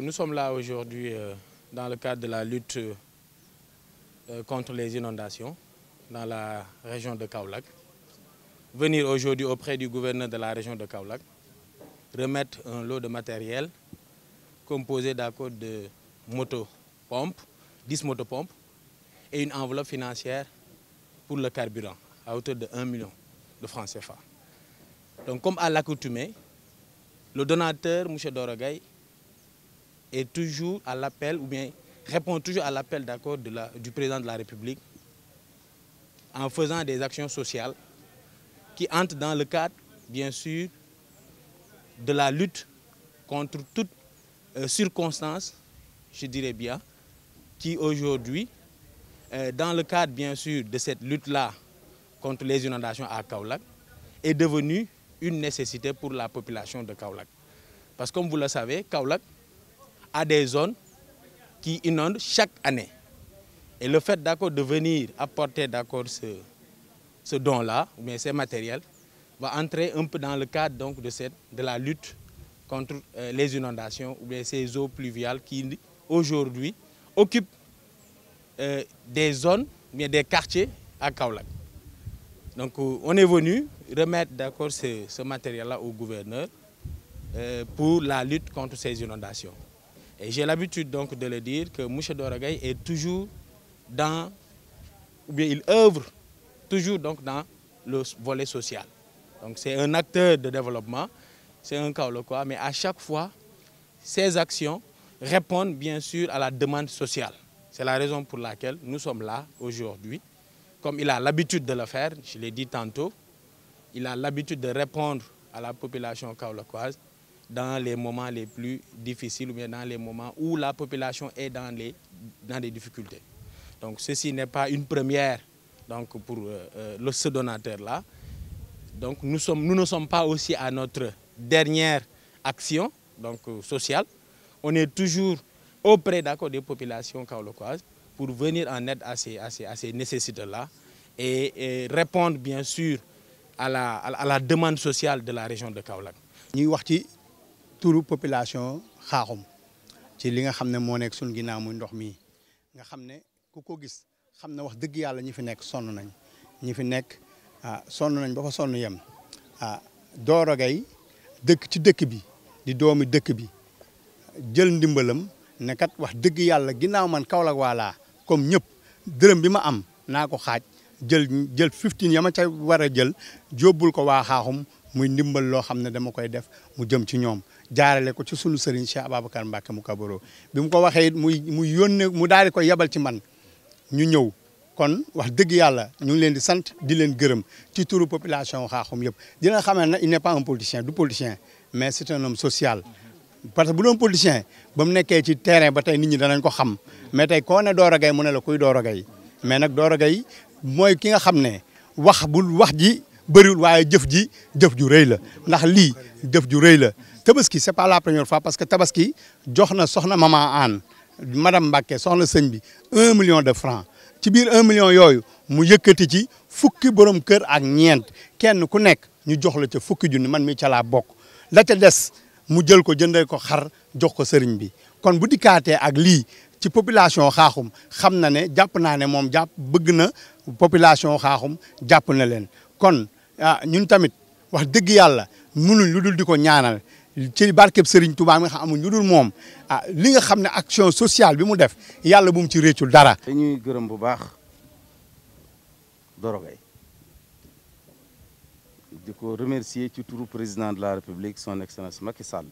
nous sommes là aujourd'hui euh, dans le cadre de la lutte euh, contre les inondations dans la région de Kaolack. Venir aujourd'hui auprès du gouverneur de la région de Kaolack, remettre un lot de matériel composé d'accord de motopompes, 10 motopompes et une enveloppe financière pour le carburant à hauteur de 1 million de francs CFA. Donc comme à l'accoutumée, le donateur, M. Dorogay, est toujours à l'appel, ou bien répond toujours à l'appel d'accord la, du président de la République en faisant des actions sociales qui entrent dans le cadre, bien sûr, de la lutte contre toute euh, circonstance, je dirais bien, qui aujourd'hui, euh, dans le cadre, bien sûr, de cette lutte-là contre les inondations à Kaolak, est devenue une nécessité pour la population de Kaolak. Parce que comme vous le savez, Kaolak à des zones qui inondent chaque année. Et le fait d'accord de venir apporter d'accord ce, don-là, bien ces matériels, va entrer un peu dans le cadre donc de, cette, de la lutte contre euh, les inondations ou bien ces eaux pluviales qui aujourd'hui occupent euh, des zones, mais des quartiers à Kaolak. Donc euh, on est venu remettre d'accord ce matériel-là au gouverneur pour la lutte contre ces inondations. Et j'ai l'habitude donc de le dire que Mouché Doragay est toujours dans, ou bien il œuvre toujours donc dans le volet social. Donc c'est un acteur de développement, c'est un Kaolokoa, mais à chaque fois, ses actions répondent bien sûr à la demande sociale. C'est la raison pour laquelle nous sommes là aujourd'hui. Comme il a l'habitude de le faire, je l'ai dit tantôt, il a l'habitude de répondre à la population kaolokoise dans les moments les plus difficiles ou bien dans les moments où la population est dans les, dans des difficultés. Donc ceci n'est pas une première donc, pour euh, euh, le, ce donateur-là. Donc nous, sommes, nous ne sommes pas aussi à notre dernière action donc, euh, sociale. On est toujours auprès des populations kaolokoises pour venir en aide à ces, à ces, nécessités-là et, répondre bien sûr à la, à la, demande sociale de la région de Kaolak. turu population xaaxum ci li nga xam ne moo nekk sun ginnaaw muy ndox mii nga xam ne ku ko gis xam ne wax dëgg yàlla ñi fi nekk sonn nañ ñi fi nekk ah sonn nañ ba fa sonn yem ah Doro dëkk ci dëkk bi di doomi dëkk bi jël ndimbalam ne wax dëgg yàlla ginnaaw man Kaolack waalaa comme ñëpp dërëm bi ma am naa ko xaaj jël jël 15 ya ma ca war a jël jóobul ko waa xaaxum muy ndimbal loo xam ne dama koy def mu jëm ci ñoom jaarale ko ci sunu sëriñ Cheikh Ababacar Mbacke mu kabaro bi mu ko waxee it muy muy yónnee mu daal di koy yebal ci man ñu ñëw kon wax dëgg yàlla ñu ngi leen di sant di leen gërëm ci turu population xaaxum yëpp dina xamee ne il n'est pas un politicien du politicien mais c'est un homme social parce que bu doon politicien ba mu nekkee ci terrain ba tey nit ñi danañ ko xam mais tey koo ne Doro Gaye mu ne la kuy Doro Gaye ki nga xam ne bëriwul waaye jëf ji jëf ju rëy la ndax lii jëf ju rëy la tabaski c'est pas la première fois parce que tabaski jox na soxna maman Anne madame Mbacke soxna sëñ bi un million de francs ci biir un million yooyu mu yëkkati ci fukki borom kër ak ñeent kenn ku nekk ñu jox la ca fukki junni man mi ca laa bokk la ca des mu jël ko jëndee ko xar jox ko sëriñ bi kon bu dikkaatee ak lii ci population xaaxum xam na ne jàpp naa ne moom jàpp bëgg na population xaaxum jàpp na leen kon ah ñun tamit wax dëgg yàlla munuñ lu dul di ko ñaanal ci barkeb Serigne Touba mi nga xam amuñ lu dul moom ah li nga xam ne action sociale bi mu def yàlla bu mu ci réccul dara. ñuy gërëm bu baax Doro di ko remercier ci turu président de la république son excellence Macky Sall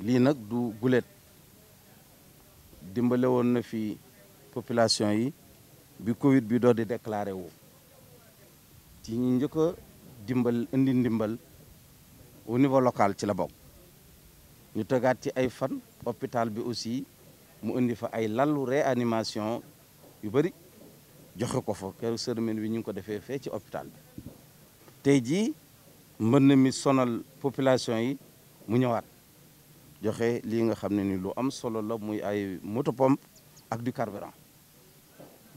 lii nag du gulet dimbale woon na fi population yi bi Covid bi doo di déclaré wu. ci ñi njëkk dimbal indi ndimbal au niveau local ci la bokk ñu tëgaat ci ay fan hôpital bi aussi mu indi fa ay lallu réanimation yu bëri joxe ko fa keroog sërmine bi ñu ngi ko defee fee ci hôpital bi tey jii mbënn mi sonal population yi mu ñëwaat joxe lii nga xam ne ni lu am solo la muy ay moto pompe ak du carburant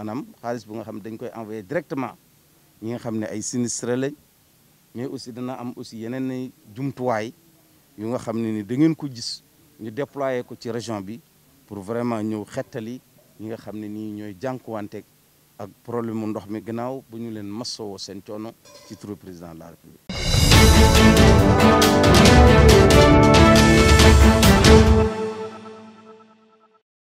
maanaam xaalis bu nga xam ne dañ koy envoyé directement ñi nga xam ne ay sinistre lañ mais aussi dana am aussi yeneen i jumtuwaay yu nga xam ne ni da ngeen ko gis ñu déployé ko ci région bi pour vraiment ñëw xettali ñi nga xam ne nii ñooy jànkuwanteeg ak problème mu ndox mi gannaaw bu ñu leen masowoo seen coono ci turu président la république